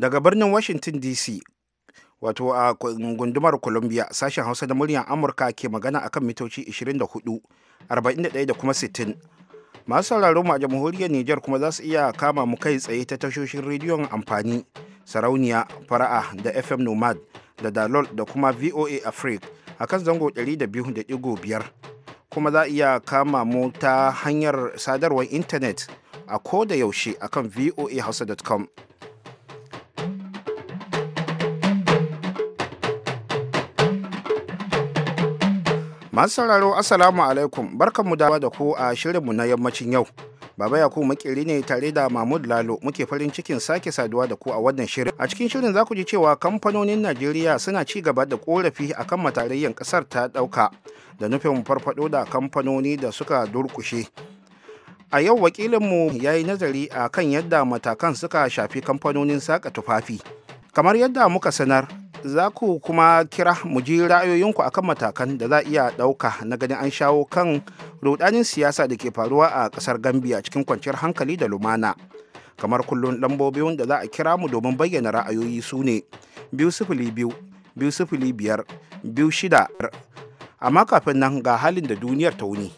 daga birnin washington dc wato a gundumar columbia sashen hausa da muryar amurka ke magana akan mitoci 24 41 da kuma 60 masu sauraron mu a jamhuriyar niger kuma za su iya kama mu kai tsaye ta tashoshin rediyon amfani sarauniya fara'a da fm nomad da dalol da kuma voa africa a kan zango 200.5 kuma za iya kama mu ta hanyar sadarwar intanet a ko da yaushe akan voahausa.com masu sauraro assalamu alaikum barkanmu dawa da ku a shirinmu na yammacin yau baba yakubu makeri ne tare da mahmud lalo muke farin cikin sake saduwa da ku a wannan shirin a cikin shirin za ku ji cewa kamfanonin najeriya suna ci gaba da korafi akan matarayyar kasar ta dauka da nufin farfado da kamfanoni da suka durkushe a yau wakilinmu ya yi nazari a kan yadda matakan suka shafi kamfanonin saka tufafi kamar yadda muka sanar za ku kuma kira mu ji ra'ayoyinku akan matakan da za a iya ɗauka na ganin an shawo kan rudanin siyasa da ke faruwa a ƙasar gambia cikin kwanciyar hankali da lumana kamar kullum lambobin da za a kira mu domin bayyana ra'ayoyi su ne biyu sifili biyu biyu sifili biyar biyu shida amma kafin nan ga halin da duniyar ta wuni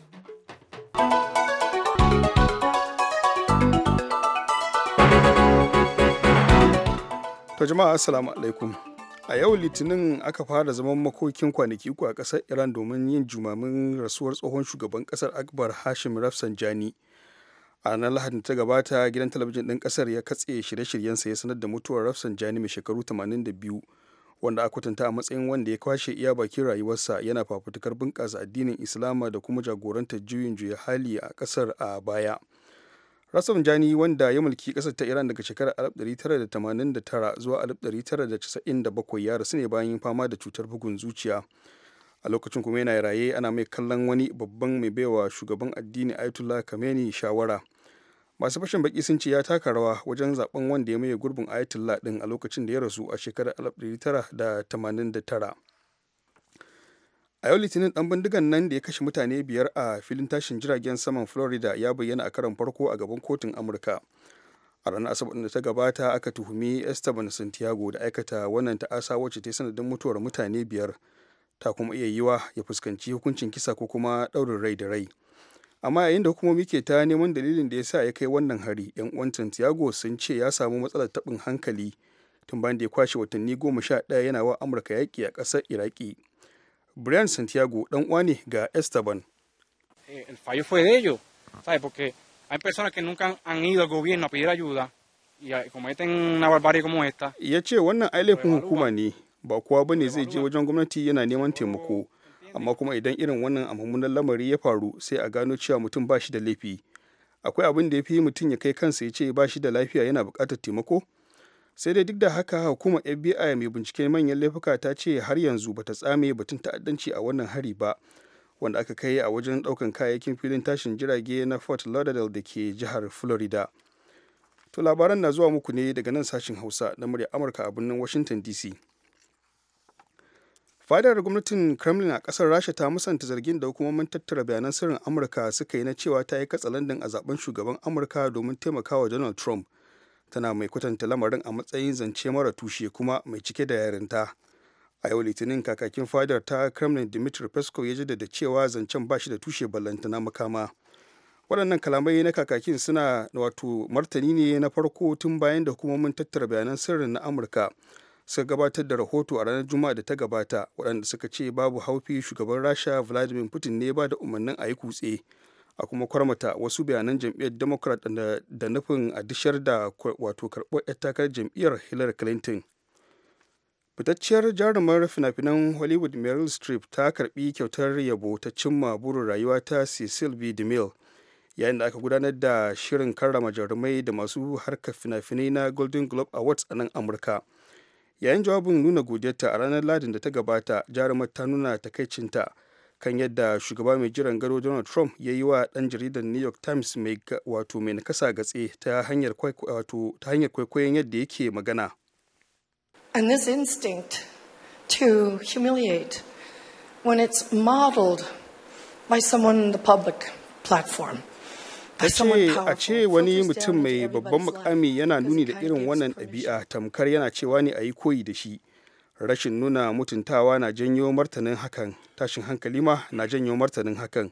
jama'a assalamu alaikum a yau litinin aka fara zaman makokin kwanaki uku a ƙasar iran domin yin jumamin rasuwar tsohon shugaban ƙasar akbar hashim rafsanjani a ranar lahadin ta gabata gidan talabijin ɗin ƙasar ya katse shirye-shiryensa ya sanar da mutuwar rafsanjani mai shekaru 82 wanda a kwatanta a matsayin wanda ya kwashe iya bakin rayuwarsa yana fafutukar bunƙasa addinin islama da kuma jagorantar juyin juya hali a ƙasar a baya jani wanda ya mulki kasar ta Iran daga shekarar 1989 zuwa 1997 ya rasu ne bayan fama da cutar bugun zuciya. A lokacin kuma yana raye ana mai kallon wani babban mai baiwa shugaban addini Ayatollah kameni shawara. Masu fashin baki sun ce ya taka rawa wajen zaben wanda ya maye gurbin Ayatollah din a lokacin da ya rasu a shekarar 1989. a yau litinin dan bindigan nan da ya kashe mutane biyar a filin tashin jiragen saman florida ya bayyana a karon farko a gaban kotun amurka a ranar asabar da ta gabata aka tuhumi esteban santiago da aikata wannan ta'asa wacce ta sanadin mutuwar mutane biyar ta kuma iya yiwa ya fuskanci hukuncin kisa ko kuma daurin rai da rai amma yayin da hukumomi ke ta neman dalilin da ya sa ya kai wannan hari yan uwan santiago sun ce ya samu matsalar tabin hankali tun bayan da ya kwashe watanni goma sha ɗaya yana wa amurka yaƙi a ƙasar iraki Brian Santiago dan uwa ne ga Esteban. Eh, el fallo fue de ellos, ¿sabes? Porque hay personas que nunca han ido al gobierno a pedir ayuda y ah, cometen una barbarie como esta. Ya ce wannan ai laifin hukuma ne, ba kowa bane zai je wajen gwamnati yana neman taimako. Amma kuma idan irin wannan a mummunan lamari ya faru sai a gano cewa mutum ba shi da laifi. Akwai abin da ya fi mutum ya kai kansa ya ce ba shi da lafiya yana buƙatar taimako? sai dai duk da haka hukumar fbi mai bincike manyan laifuka ta ce har yanzu bata tsame batun ta'addanci a wannan hari ba wanda aka kai a wajen daukan kayayyakin filin tashin jirage na fort lauderdale da ke jihar florida to labaran na zuwa muku ne daga nan sashen hausa na murya amurka a birnin washington dc fadar gwamnatin kremlin a kasar rasha ta musanta zargin da hukumomin tattara bayanan sirrin amurka suka yi na cewa ta yi katsalandan a zaben shugaban amurka domin taimakawa donald trump tana mai kwatanta lamarin a matsayin zance mara tushe kuma mai cike da yarinta a yau litinin kakakin fadar ta kremlin dimitri peskov ya jaddada cewa zancen ba shi da tushe ballantana makama waɗannan kalamai na kakakin suna wato martani ne na farko tun bayan da hukumomin tattara bayanan sirrin na amurka suka gabatar da rahoto a ranar juma'a da ta gabata waɗanda suka ce babu haufi shugaban rasha vladimir putin ne ba da umarnin a yi kutse a kuma kwarmata wasu bayanan jam'iyyar democrat da nufin a dishar da wato karɓo 'yar takarar jam'iyyar hillary clinton fitacciyar jarumar fina-finan hollywood meryl streep ta karbi kyautar yabo ta cimma burin rayuwa ta cecil b demille yayin da aka gudanar da shirin karrama jarumai da masu harkar fina-finai na golden globe awards a nan amurka yayin jawabin nuna godiyarta a ranar ladin da ta gabata jarumar ta nuna takaicinta kan yadda shugaba mai jiran gado donald trump ya yi wa ɗan jaridar new york times mai wato mai nakasa gatse ta hanyar kwaikwayon yadda yake magana and this instinct to humiliate when it's modeled by someone in the public platform ta ce a ce wani mutum mai babban mukami yana nuni da irin wannan ɗabi'a tamkar yana cewa ne a yi koyi da shi rashin nuna mutuntawa na janyo martanin hakan tashin hankali ma na janyo martanin hakan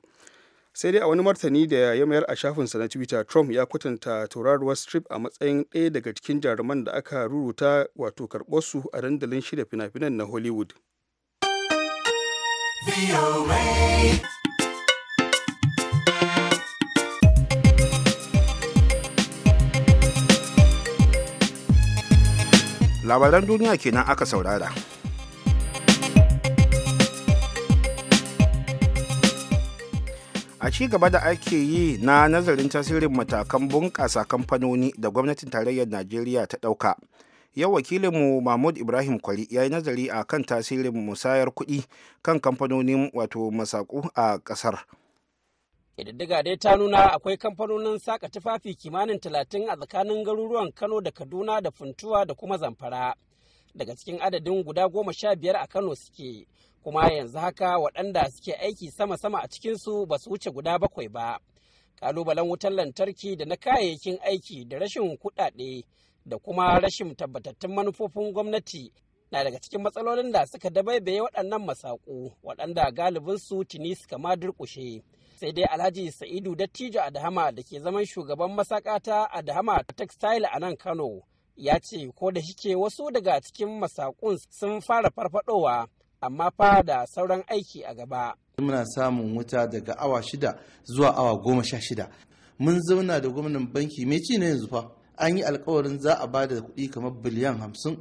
sai dai a wani martani da ya mayar a shafinsa na twitter trump ya kwatanta tauraruwar strip a matsayin ɗaya daga cikin jaruman da aka ruruta wato karɓarsu a dandalin shirya fina-finan na hollywood labaran duniya kenan aka saurara a ci gaba da ake yi na nazarin tasirin matakan bunƙasa kamfanoni da gwamnatin tarayyar najeriya ta ɗauka yau wakilinmu mahmud ibrahim kwari ya yi nazari a kan tasirin musayar kuɗi kan kamfanonin wato masaku a ƙasar Ƙididdiga dai ta nuna akwai kamfanonin saka tufafi kimanin talatin a tsakanin garuruwan Kano da Kaduna da Funtuwa da kuma Zamfara. Daga cikin adadin guda goma sha biyar a Kano suke, kuma yanzu haka waɗanda suke aiki sama-sama a cikinsu ba su wuce guda bakwai ba. kalubalen wutar lantarki da na kayayyakin aiki da rashin kuɗaɗe da kuma rashin tabbatattun manufofin gwamnati na daga cikin matsalolin da suka dabaibaye waɗannan masaƙu waɗanda galibinsu tuni suka ma durƙushe. sai dai alhaji sa'idu dattijo adahama da ke zaman shugaban masaka ta adahama textile a nan kano ya ce ko da shike wasu daga cikin masakun sun fara farfadowa amma fa da sauran aiki a gaba muna samun wuta daga awa shida zuwa awa goma sha shida mun zauna da gwamnan banki mai ci na yanzu fa an yi alkawarin za a ba da kuɗi kamar biliyan hamsin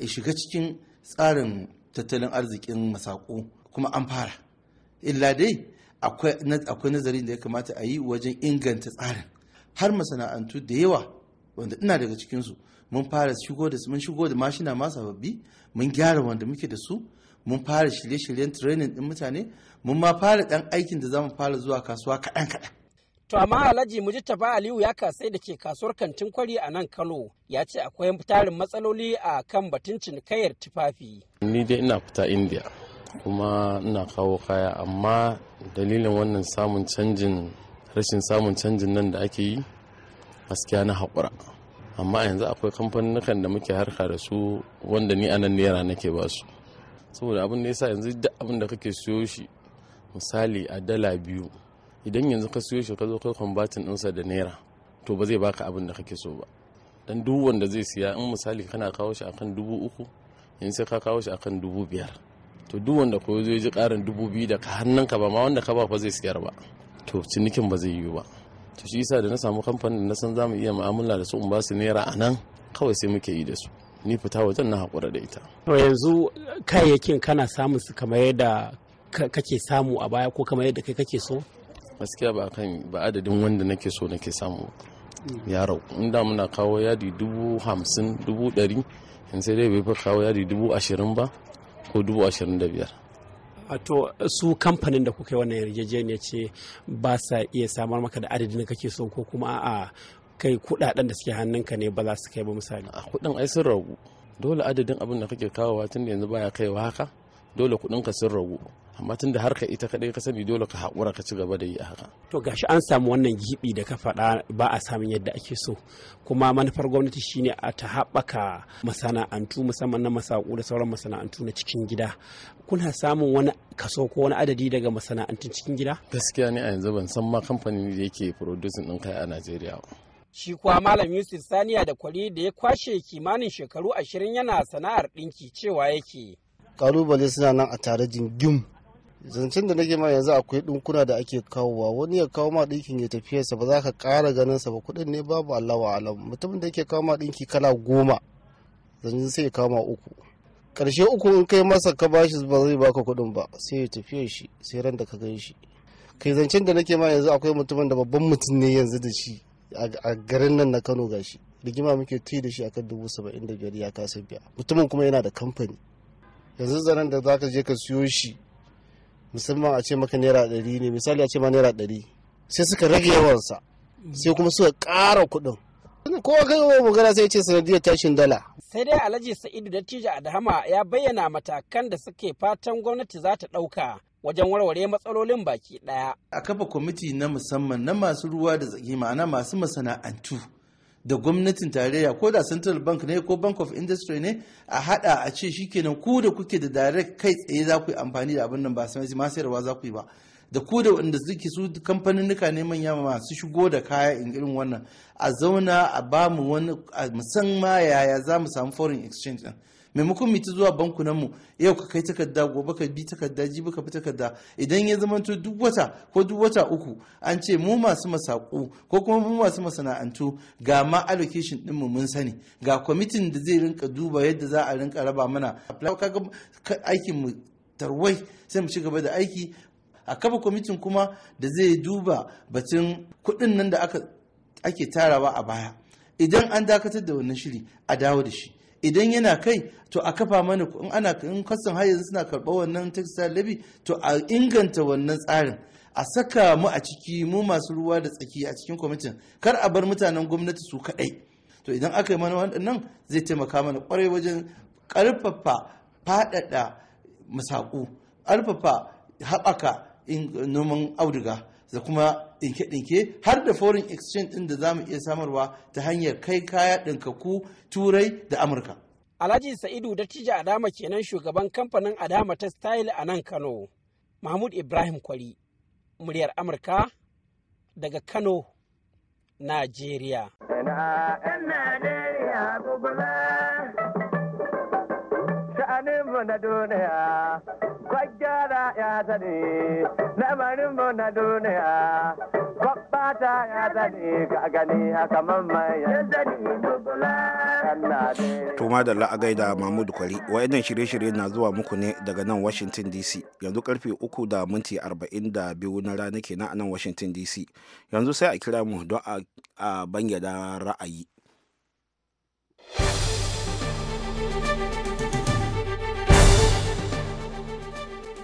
a shiga cikin tsarin tattalin arzikin masako kuma an fara illa dai akwai nazarin da ya kamata a yi wajen inganta tsarin har masana'antu da yawa wanda ina daga cikinsu mun fara shigo da mun shigo da mashina ma sababbi mun gyara wanda muke da su mun fara shirye-shiryen training din mutane mun ma fara dan aikin da zamu fara zuwa kasuwa kaɗan kaɗan To amma Alhaji Mujitaba Aliyu ya kasai da ke kasuwar kantin kwari a nan Kano ya ce akwai tarin matsaloli a kan batun cinikayyar tufafi. Ni dai ina fita India. kuma ina kawo kaya amma dalilin wannan samun canjin rashin samun canjin nan da ake yi gaskiya na haƙura amma yanzu akwai kamfanin da muke harka da su wanda ni anan naira nake ba su saboda abin da yasa yanzu duk abin da kake siyo shi misali a dala biyu idan yanzu ka siyo shi ka zo kai kwambatin ɗinsa da naira to ba zai baka abin da kake so ba dan duk wanda zai siya in misali kana kawo shi akan dubu uku yanzu sai ka kawo shi akan dubu biyar to duk wanda ko zai ji karin dubu biyu da hannun ka ba ma wanda ka ba fa zai siyar ba to cinikin ba zai yiwu ba to shi yasa da na samu kamfanin na san zamu iya mu'amala da su in ba su naira a nan kawai sai muke yi da su ni fita wajen na haƙura da ita. To yanzu kayayyakin kana samun su kamar yadda kake samu a baya ko kamar yadda kai kake so? Gaskiya ba kan ba adadin wanda nake so nake samu ya rau. Inda muna kawo yadi dubu hamsin dubu ɗari in sai dai bai fi kawo yadi dubu ashirin ba ko dubu ashirin da biyar to su kamfanin da kuka yi wannan yarjejeniya ce ba sa iya samar maka da adadin da kake so ko kuma a kai kudaden da suke hannunka ne ba za su kai ba misali a kudin ai sun ragu dole adadin abin da kake kawowa tun yanzu baya kaiwa haka dole kudin ka sun ragu amma tun da harka ita kadai ka sani dole ka haƙura ka ci gaba da yi a haka to gashi an samu wannan gibi da ka faɗa ba a samun yadda ake so kuma manufar gwamnati shine a ta haɓaka masana'antu musamman na masaku da sauran masana'antu na cikin gida kuna samun wani kaso ko wani adadi daga masana'antun cikin gida gaskiya ne a yanzu ban san ma kamfanin da yake producing ɗin kai a Najeriya shi kuwa malam yusuf saniya da kwari da ya kwashe kimanin shekaru ashirin yana sana'ar ɗinki cewa yake kalubale suna nan a tare jingim zancen da nake ma yanzu akwai dinkuna da ake kawowa wani ya kawo ma dinkin ya tafiyarsa ba za ka ƙara ganin sa ba kuɗin ne babu Allah wa alam mutumin da yake kawo ma dinki kala goma zancen sai ya kawo ma uku ƙarshe uku in kai masa ka bashi ba zai baka kuɗin ba sai ya tafiye shi sai ran da ka gan shi kai zancen da nake ma yanzu akwai mutumin da babban mutum ne yanzu da shi a garin nan na Kano gashi rigima muke tuyi da shi akan dubu saba'in da biyar ya kasa biya mutumin kuma yana da kamfani yanzu zanen da zaka je ka siyo shi musamman a ce maka naira ɗari ne misali a ce ma naira ɗari sai suka rage yawansa sai kuma suka ƙara kuɗin kowa kai wa magana sai ce sanadiyar tashin dala sai dai alhaji sa'idu dattijo adhama ya bayyana matakan da suke fatan gwamnati za ta ɗauka wajen warware matsalolin baki ɗaya a kafa kwamiti na musamman na masu ruwa da tsaki ma'ana masu masana'antu da gwamnatin tarayya ko da central bank ne ko bank of industry ne a hada a ce shi shikenan ku da kuke da direct kai tsaye za ku yi amfani da abin nan ba sai ma sayarwa za ku yi ba da ku da wanda suke su kamfaninnika ne manya masu shigo da kaya in irin wannan a zauna a ba mu wani musamman yaya za mu samu foreign exchange din maimakon mu ta zuwa bankunan mu yau ka kai takarda gobe ka bi takarda jibi ka fi takarda idan ya zamanto duk wata ko duk wata uku an ce mu masu masaku ko kuma mu masu masana'antu ga ma allocation din mu mun sani ga kwamitin da zai rinka duba yadda za a rinka raba mana kaga aikin mu tarwai sai mu ci gaba da aiki a kafa kwamitin kuma da zai duba batun kuɗin nan da ake tarawa a baya idan an dakatar da wannan shiri a dawo da shi idan yana kai to a kafa mana in ana in kasan har yanzu suna karɓar wannan textile levy to a inganta wannan tsarin a saka mu a ciki mu masu ruwa da tsaki a cikin kwamitin kar a bar mutanen gwamnati su kaɗai to idan aka yi mana waɗannan zai taimaka mana kwarai wajen ƙarfafa faɗaɗa musaƙu ƙarfafa haɓaka noman auduga da kuma ɗinke-ɗinke har da foreign exchange ɗin da za mu iya samarwa ta hanyar kai kaya ɗinkaku turai da amurka alhaji sa'idu dattijo adama kenan shugaban kamfanin adama ta style a nan kano mahmud ibrahim kwari muryar amurka daga kano najeriya Tuma ya sani mu na duniya ya sani gani haka ya sani da la'agai da Mahmud Kwari, wa'annan shirye-shirye na zuwa muku ne daga nan Washington DC. Yanzu karfe uku da minti arba'in da biyu na rana kenan a nan Washington DC. Yanzu sai a kira mu don a bangyada ra'ayi.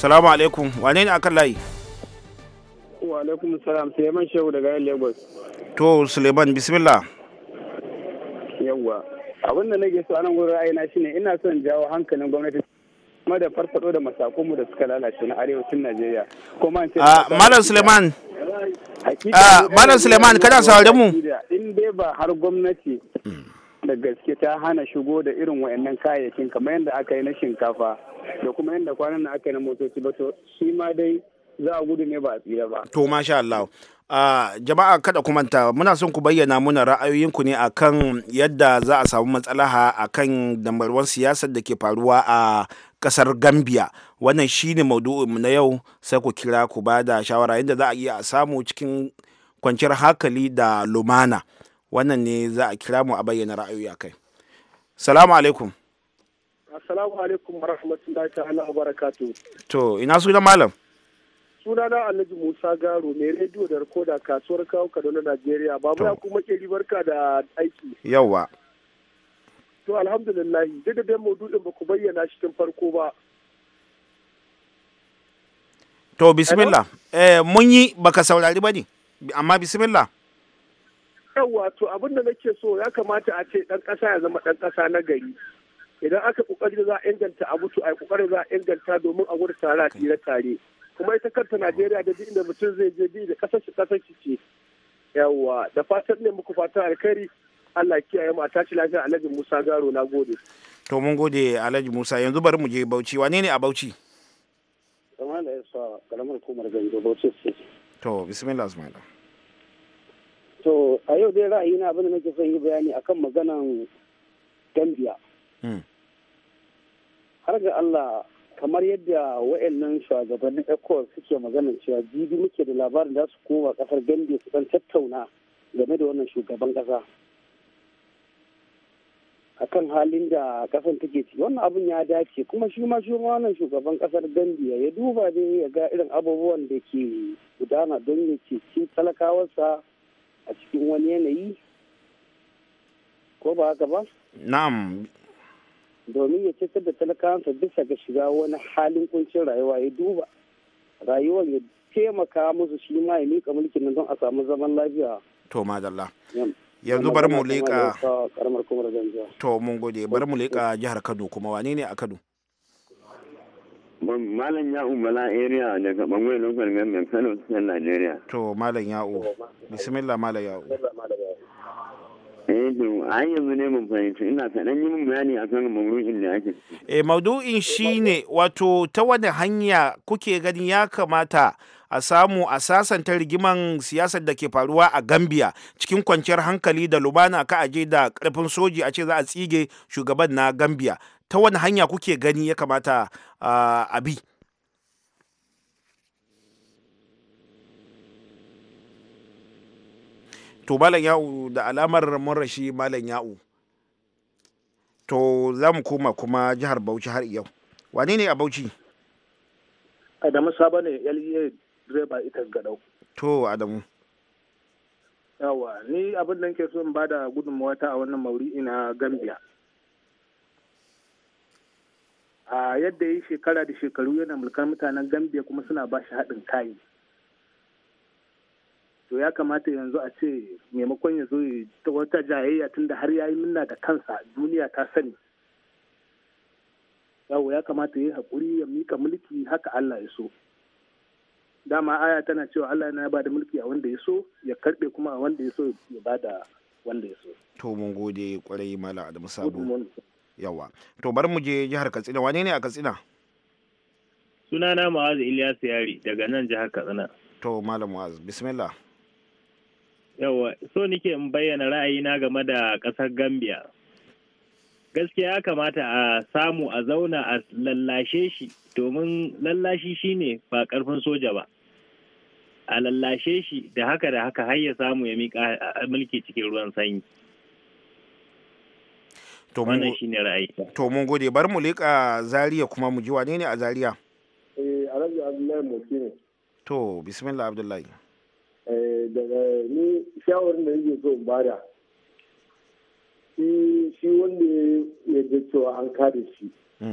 salamu alaikum wane ne akan layi wa alaikum salam suleiman shehu daga yan lagos to suleiman bismillah yawwa abin da nake so anan gurin ra'ayina shine ina son jawo hankalin gwamnati kuma da farfado da masakonmu da suka lalace na arewacin najeriya kuma ah, a ah, malam suleiman malam suleiman kada saurare mu in dai ba har gwamnati hmm. da gaske ta hana shigo da irin wayannan kayayyakin kamar yadda aka yi na shinkafa da kuma yadda kwanan da aka yi na motoci ba to shi ma dai za a gudu ne ba a tsira ba. To masha Allah. Ah, jama'a kada ku manta muna son ku bayyana muna ra'ayoyinku ne akan yadda za a samu matsalaha akan damarwan siyasar da ke faruwa a kasar gambia wannan shine maudu'inmu na yau sai ku kira ku ba da shawara yadda za a iya samu cikin kwanciyar hankali da lumana. wannan ne za a kira mu a bayyana ra'ayoyi a kai salamu alaikum assalamu alaikum wa rahmatullahi ta'ala wa barakatu to ina sunan malam suna na alhaji musa garo mai rediyo da rikoda kasuwar kawo kaduna najeriya ba mu kuma ke barka da aiki yawa to alhamdulillah duk da maudu'in ba ku bayyana shi tun farko ba to bismillah eh mun yi baka saurari ba ne amma bismillah Yawwa to abin da nake so ya kamata a ce ɗan ƙasa ya zama ɗan ƙasa na gari. Idan aka ƙoƙari za a inganta abu to a ƙoƙarin za a inganta domin a gudu tare a tare. Kuma ita kanta Najeriya da duk inda mutum zai je bi da ƙasar shi ƙasar shi ce. Yawwa da fatan ne muku fatan alkhairi Allah kiyaye mu a tashi lafiya Alhaji Musa Garo na gode. To mun gode Alhaji Musa yanzu bari mu je Bauchi wane ne a Bauchi? Kamar da ya sa karamar hukumar Gani Bauchi. To bismillah Ismaila. To a yau dai ra'ayi abin da nake son yi bayani akan maganan Gambia. Hmm. Har ga Allah kamar yadda wa'annan shugabannin ECOWAS suke maganan cewa jibi muke da labarin da su koma kasar Gambia su dan tattauna game da wannan shugaban kasa. akan halin da kasan take ci wannan abin ya dace kuma shi ma shi wannan shugaban kasar Gambia ya duba dai ya ga irin abubuwan da ke gudana don ya ceci talakawarsa a cikin wani yanayi ko ba haka ba? Na'am. Domin ya cetar da talakawansa bisa ga shiga wani halin kuncin rayuwa ya duba rayuwar ya taimaka musu shi ma ya miƙa mulkin don a samu zaman lafiya. To madalla. Yanzu bar mu leƙa. To mun gode bar mu leƙa jihar Kano kuma wane ne a Kano? Malam Ya'u Bala area daga bangare local government Kano cikin Najeriya. To Malam Ya'u, bismillah Malam Ya'u. Eh to ai yanzu ne mun fahimci ina kaɗan yi mun bayani akan maudu'in da ake. Eh maudu'in shine wato ta wani hanya kuke ganin ya kamata a samu a sasanta rigiman siyasar da ke faruwa a Gambia cikin kwanciyar hankali da lumana ka aje da karfin soji a ce za a tsige shugaban na Gambia ta wani hanya kuke gani ya kamata ah, a bi to malam ya'u da alamar murashi malam ya'u to za mu koma kuma jihar bauchi har yau wane ne a bauchi adamu saba ne lea direba ita gadau to adamu yawa ni abin da nke so in bada gudunmawa ta a wannan mauri ina gambia a yadda ya yi shekara da shekaru yana mulkar mutanen gambia kuma suna ba shi haɗin kayi to ya kamata yanzu a ce maimakon ya zo ya ta wata jayayya tunda har yayi minna da kansa duniya ta sani yawo ya kamata ya yi haƙuri ya mika mulki haka Allah ya so dama aya tana cewa Allah yana ba da mulki a wanda ya so ya karɓe kuma a wanda ya so ya ba da wanda ya so to mun gode kwarai malam Adamu Sabo yawa to bari mu je jihar katsina wane ne a katsina sunana mu'azu ilyas yari daga nan jihar katsina to malam mu'azu bismillah yawa so nike in bayyana ra'ayina game da ƙasar gambia gaskiya ya kamata a samu a zauna a lallashe shi domin lallashi shine ba karfin soja ba a lallashe shi da haka da haka har ya samu ya miƙa mulki cikin ruwan sanyi to mun to mun gode bar mu leka zaria kuma mu ji wane ne a zaria eh alhaji abdullahi moti ne to bismillah abdullahi eh daga ni shawarin da yake so bada shi shi wanda ya ga cewa an kare shi ni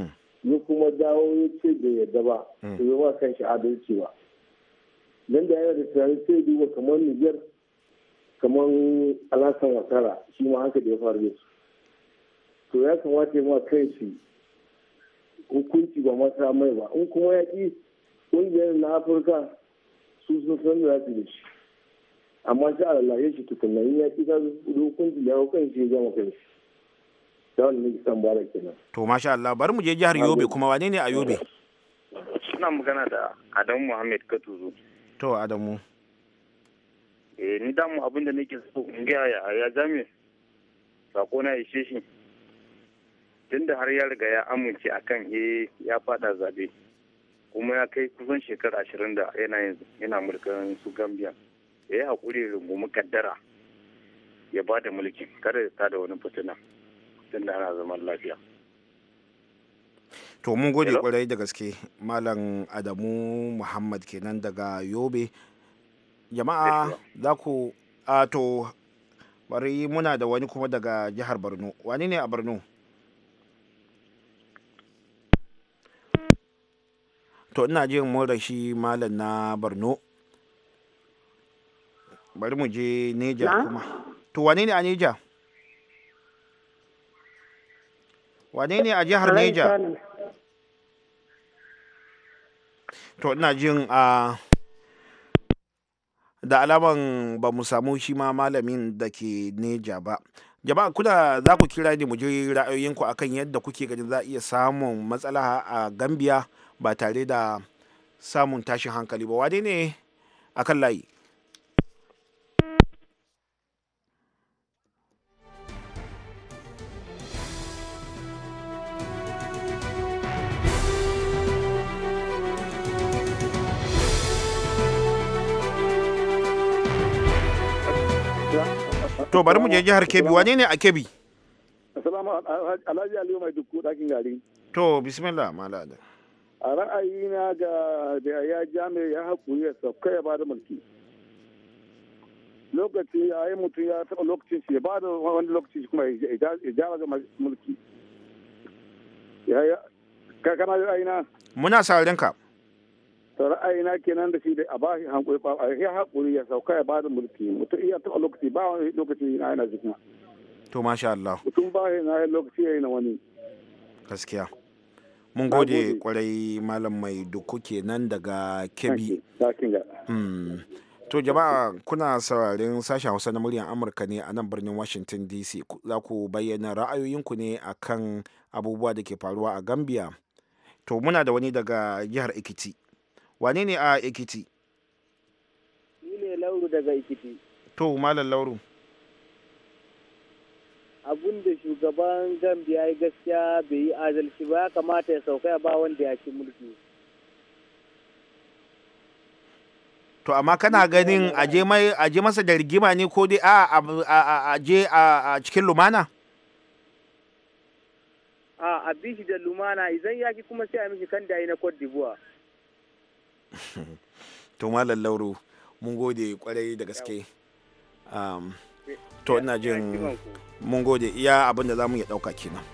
hmm. kuma dawo ya ce bai yarda ba to ya ba kan shi adalci ba dan da yana da tsari sai duba kamar Niger kamar Alasan Watara shi ma haka da ya faru da su to ya kamata ma kai shi hukunci ba masa mai ba in kuma ya ƙi ƙungiyar na afirka su sun san da su da shi amma shi a lalaye shi tukunna in ya ƙi ta hukunci ya shi ya gama kai shi ta wani ne san bara kenan. to masha Allah bari mu je jihar yobe kuma wane ne a yobe. suna magana da adamu muhammad katuzu. to adamu. eh ni damu abinda nake so in gaya ya jami'a sako na ishe shi. tun da har ya riga ya amince akan he eh, ya fada zabe kuma ya kai kusan shekara ashirin da yana yana mulkan su gambia ya yi haƙuri rungumi kaddara ya ba da mulkin kada ya tada wani fitina tunda ana zaman lafiya to mun gode kwarai da gaske malam adamu muhammad kenan daga yobe jama'a za ku a to bari muna da wani kuma daga jihar borno wani ne a borno to ina jin mura shi malam na borno bari mu je neja kuma to wane ne a neja wane ne a jihar neja to ina jin a da alaman ba mu samu shi ma malamin da ke neja ba jama'a kuna za ku kira ne mu je ra'ayoyinku akan yadda kuke ganin za a iya samun matsala a gambia ba tare da samun tashin hankali ba wane ne a kan layi to bari mu je jihar kebbi wane ne a kebbi assalamu alhaji aliyu mai dukku dakin gari to bismillah malada a ra'ayina ga da ya jami ya haƙuri ya sauka ya bada mulki lokaci a yi mutum ya taɓa lokacin shi ya bada wani lokaci kuma ya jawa ga mulki ka kana ra'ayina muna sauran ka to ra'ayina kenan da shi da a ba shi hankuri ba a yi haƙuri ya sauka ya bada mulki mutum ya taɓa lokaci ba wani lokaci na yana jikina to masha Allah mutum ba shi na lokaci ya yi na wani gaskiya mun gode kwarai malam mai duku kenan daga kebbi hmm. to jama'a kuna saurarin sashen hausa na muryar amurka ne a nan birnin washington dc za ku bayyana ra'ayoyinku ne a kan abubuwa da ke faruwa a gambia to muna da wani daga jihar ekiti wane ne a ikiti? ne lauru daga ekiti to malam lauru abun da shugaban gambia ya gaskiya bai yi adalci ba ya kamata ya sauka ya ba wanda ya ci mulki to amma kana ganin aje masa da rigima ne ko dai a je a cikin lumana a abin shi da lumana idan ya ki kuma sai a mishi kan da na cote d'ivoire to malam lallauru mun gode kwarai da gaske um, to ina jin mun gode iya abin da za mu iya ɗauka kenan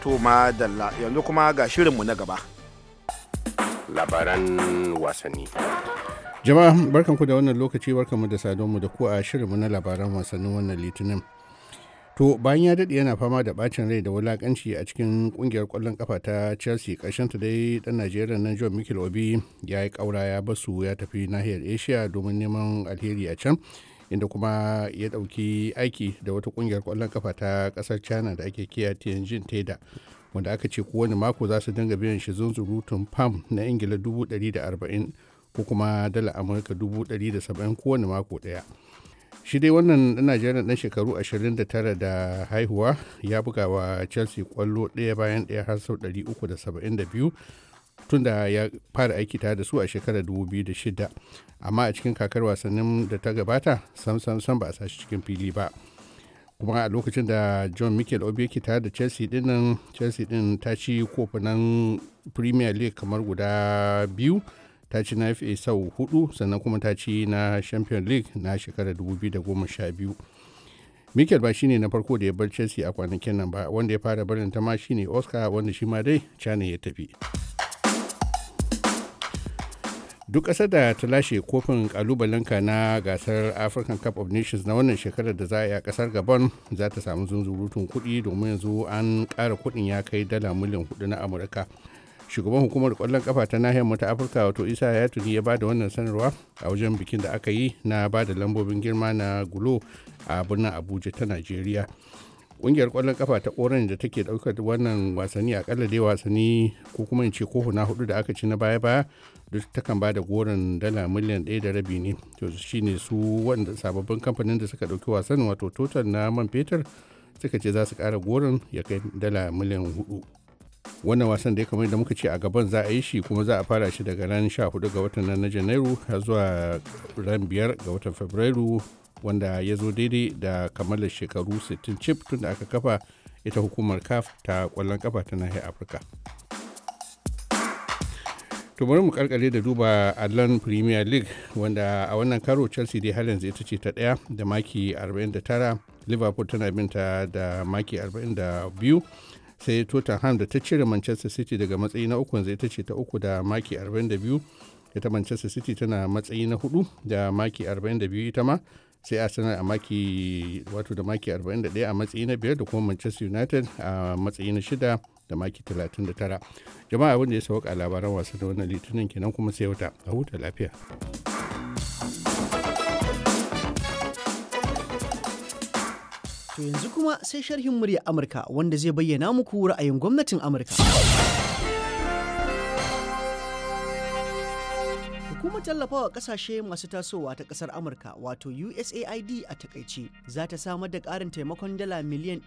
to dalla yanzu kuma ga shirinmu na gaba labaran wasanni jama'a barkanku da wannan lokaci barkanmu da sadonmu da ku a shirinmu na labaran wasannin wannan litinin to bayan ya daɗe yana fama da bacin rai da wulakanci a cikin ƙungiyar kwallon ƙafa ta chelsea ta dai ɗan najeriya nan john Mikel obi ya yi ƙaura ya basu ya tafi nahiyar asia domin neman alheri a can inda kuma ya ɗauki aiki da wata ƙungiyar kwallon kafa ta kasar china da ake kiya tianjin teda wanda aka ce kowane mako za su dinga biyan shi zunzurutun pam na ingila dubu arba'in ko kuma dala amurka da saba'in kowane mako ɗaya. shi dai wannan ɗan najeriya ɗan shekaru 29 da haihuwa ya buga wa chelsea kwallo ɗaya bayan ɗaya har sau 372 tun da ya fara aiki tare da su a shekarar 2006 amma a cikin kakar wasannin da ta gabata sam sam sam ba a sashi cikin fili ba kuma a lokacin da john michael obi yake tare da chelsea din nan chelsea din ta ci kofunan premier league kamar guda biyu ta ci na fa sau hudu sannan kuma ta ci na champion league na shekarar 2012 mikel ba shine na farko da ya bar chelsea a kwanakin nan ba wanda ya fara barin ta ma shine oscar wanda shi ma dai china ya tafi duk ƙasar da ta lashe kofin kalubalenka na gasar african cup of nations na wannan shekarar da za a yi a ƙasar gabon za ta samu zunzurutun kuɗi domin yanzu an ƙara kuɗin ya kai dala miliyan hudu na amurka shugaban hukumar kwallon kafa ta nahiyar mata ta afirka wato isa ya tuni ya bada wannan sanarwa a wajen bikin da aka yi na bada lambobin girma na gulo a birnin abuja ta najeriya kungiyar kwallon kafa ta koran da take daukar wannan wasanni akalla dai wasanni ko kuma in ce ko na hudu da aka ci na baya baya duk ta ba da goron dala miliyan ɗaya da rabi ne to shine su wanda sababbin kamfanin da suka dauki wasan wato total na man fetur suka ce za su kara goron ya kai dala miliyan hudu wannan wasan da ya kamar da muka ce a gaban za a yi shi kuma za a fara shi daga ranar 14 ga watan nan na janairu zuwa ran 5 ga watan fabrairu wanda ya zo daidai da kammalar shekaru 60 chip tun da aka kafa ita hukumar caf ta kwallon kafa ta nahiyar afirka to mu karkare da duba allon premier league wanda a wannan karo chelsea dai har yanzu ita ce ta daya da maki 49 liverpool tana binta da maki 42 sai tottenham da ta cire manchester city daga matsayi na ukun zai ta ce ta uku da maki 42 ita manchester city tana matsayi na hudu da maki 42 ita ma sai arsenal a maki wato da maki 41 a matsayi na biyar da kuma manchester united a matsayi na shida da maki 39 jama'a wanda ya sauka labaran wasu da wannan litinin kenan kuma sai wata a huta lafiya To yanzu kuma sai sharhin murya Amurka wanda zai bayyana muku ra'ayin gwamnatin Amurka. Hukumar tallafawa kasashe masu tasowa ta kasar Amurka wato USAID a takaice za ta samar da ƙarin taimakon dala miliyan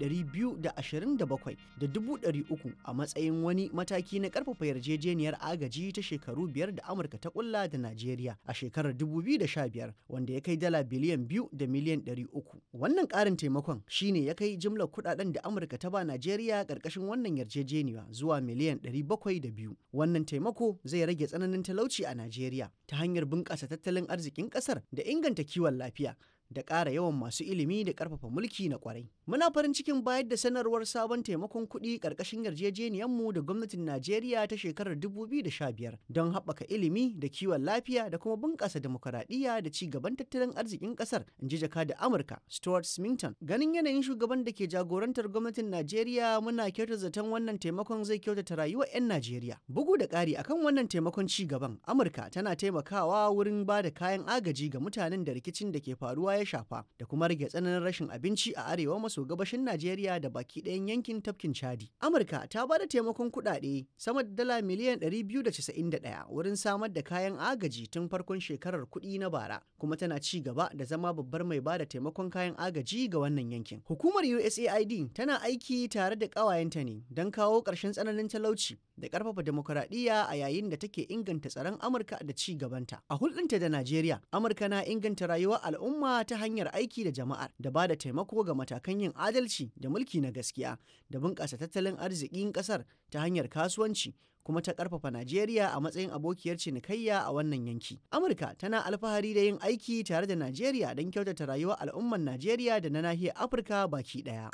uku a matsayin wani mataki na ƙarfafa yarjejeniyar agaji ta shekaru biyar da Amurka ta kulla da Najeriya a shekarar 2015 wanda ya kai dala biliyan 2 da miliyan uku. Wannan ƙarin taimakon shine ya kai jimlar kuɗaɗen da Amurka ta ba Najeriya ƙarƙashin wannan yarjejeniya zuwa miliyan 702. Wannan taimako zai rage tsananin talauci a Najeriya. ta hanyar bunƙasa tattalin arzikin ƙasar da inganta kiwon lafiya da ƙara yawan masu ilimi da ƙarfafa mulki na ƙwarai. Muna farin cikin bayar da sanarwar sabon taimakon kuɗi ƙarƙashin mu da gwamnatin Najeriya ta shekarar 2015 don haɓaka ilimi da kiwon lafiya da kuma bunƙasa demokuraɗiyya da ci gaban tattalin arzikin ƙasar, in ji jaka da Amurka Stuart Smithson. Ganin yanayin shugaban da ke jagorantar gwamnatin Najeriya muna kyautar zaton wannan taimakon zai kyautata rayuwar 'yan Najeriya. Bugu da ƙari akan wannan taimakon ci gaban, Amurka tana taimakawa wurin ba da kayan agaji ga mutanen da rikicin da ke faruwa ya shafa da kuma rage tsananin rashin abinci a arewa maso gabashin Najeriya da baki ɗayan yankin tafkin Chadi. Amurka ta ba da taimakon kuɗaɗe sama da dala miliyan 291 wurin samar da kayan agaji tun farkon shekarar kuɗi na bara kuma tana ci gaba da zama babbar mai ba da taimakon kayan agaji ga wannan yankin. Hukumar USAID tana aiki tare da ƙawayenta ne don kawo ƙarshen tsananin talauci da ƙarfafa demokuraɗiyya a yayin da take inganta tsaron Amurka da ci gabanta. A hulɗinta da Najeriya, Amurka na inganta rayuwar al'umma ta hanyar aiki da jama'ar da ba da taimako ga matakan yin adalci da mulki na gaskiya da bunƙasa tattalin arzikin ƙasar ta hanyar kasuwanci kuma ta ƙarfafa Najeriya a matsayin abokiyar cinikayya a wannan yanki. Amurka tana alfahari da yin aiki tare da Najeriya don kyautata rayuwar al'umman Najeriya da na nahiyar Afirka baki ɗaya.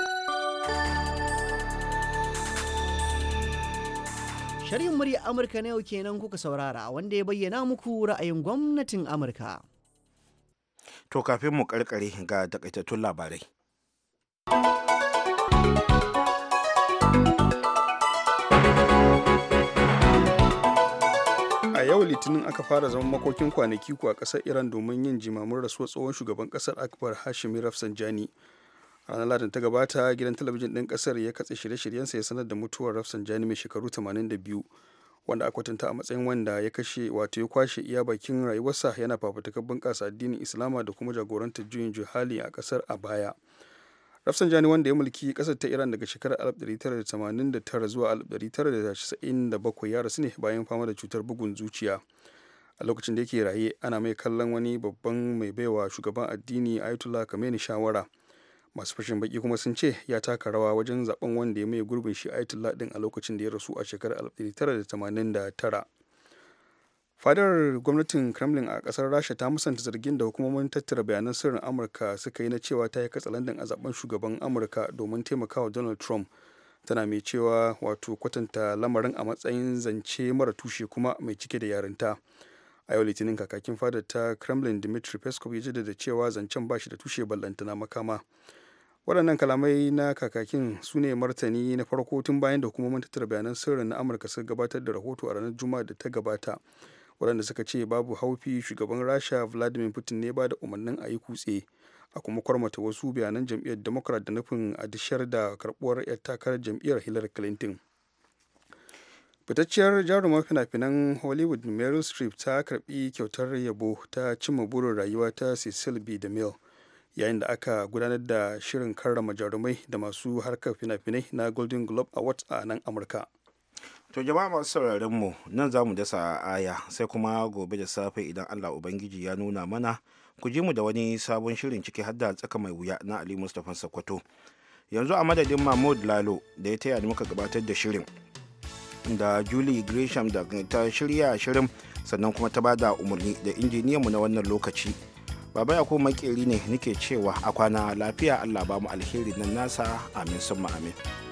Sharhin murya Amurka na yau kenan kuka saurara wanda ya bayyana muku ra'ayin gwamnatin Amurka. to kafin mu karkare ga takaitattun labarai a yau litinin aka fara zaman makokin kwanaki ku a kasar iran domin yin jimamin rasuwar tsohon shugaban kasar akbar hashimi rafsanjani ranar ladin ta gabata gidan talabijin ɗin ƙasar ya katse shirye-shiryensa ya sanar da mutuwar rafsanjani mai shekaru 82 wanda aka kwatanta a matsayin wanda ya kashe wato ya kwashe iya bakin rayuwarsa yana fafutukar bunƙasa addinin islama da kuma jagorantar juyin juhali a kasar a baya rafsanjani wanda ya mulki ƙasar ta iran daga shekarar 1989 zuwa 1997 ya rasu ne bayan fama da cutar bugun zuciya a lokacin da yake raye ana mai kallon wani babban mai baiwa shugaban addini ayatollah khamenei shawara masu fashin baki kuma sun ce ya taka rawa wajen zaben wanda ya mai gurbin shi ayatollah din a lokacin da ya rasu a shekarar 1989 fadar gwamnatin kremlin a kasar rasha ta musanta zargin da hukumomin tattara bayanan sirrin amurka suka yi na cewa ta yi katsalandan a zaben shugaban amurka domin taimakawa donald trump tana mai cewa wato kwatanta lamarin a matsayin zance mara tushe kuma mai cike da yarinta a yau litinin kakakin fadar ta kremlin dmitry peskov ya jaddada cewa zancen bashi da tushe ballantana makama waɗannan kalamai na kakakin su ne martani na farko tun bayan da hukumomin tattara bayanan sirrin na amurka suka gabatar da rahoto a ranar juma'a da ta gabata waɗanda suka ce babu haufi shugaban rasha vladimir putin ne ba da umarnin a yi kutse a kuma kwarmata wasu bayanan jam'iyyar democrat da nufin a dishar da karɓuwar 'yar takarar jam'iyyar hillary clinton fitacciyar jarumar fina-finan hollywood meryl streep ta karbi kyautar yabo ta cimma burin rayuwa ta cecil b demille yayin da aka gudanar da shirin karrama jarumai da masu harkar fina-finai na golden globe awards a nan amurka to jama'a masu sauraron mu nan za mu dasa aya sai kuma gobe da safe idan allah ubangiji ya nuna mana ku ji mu da wani sabon shirin ciki har da tsaka mai wuya na ali mustapha sakwato yanzu a madadin mahmud lalo da ya taya da muka gabatar da shirin da julie gresham da ta shirya shirin sannan kuma ta bada umarni da injiniyanmu na wannan lokaci baba ya kuma makeri ne nake cewa a kwana lafiya allah ba mu alheri nan nasa amin sun amin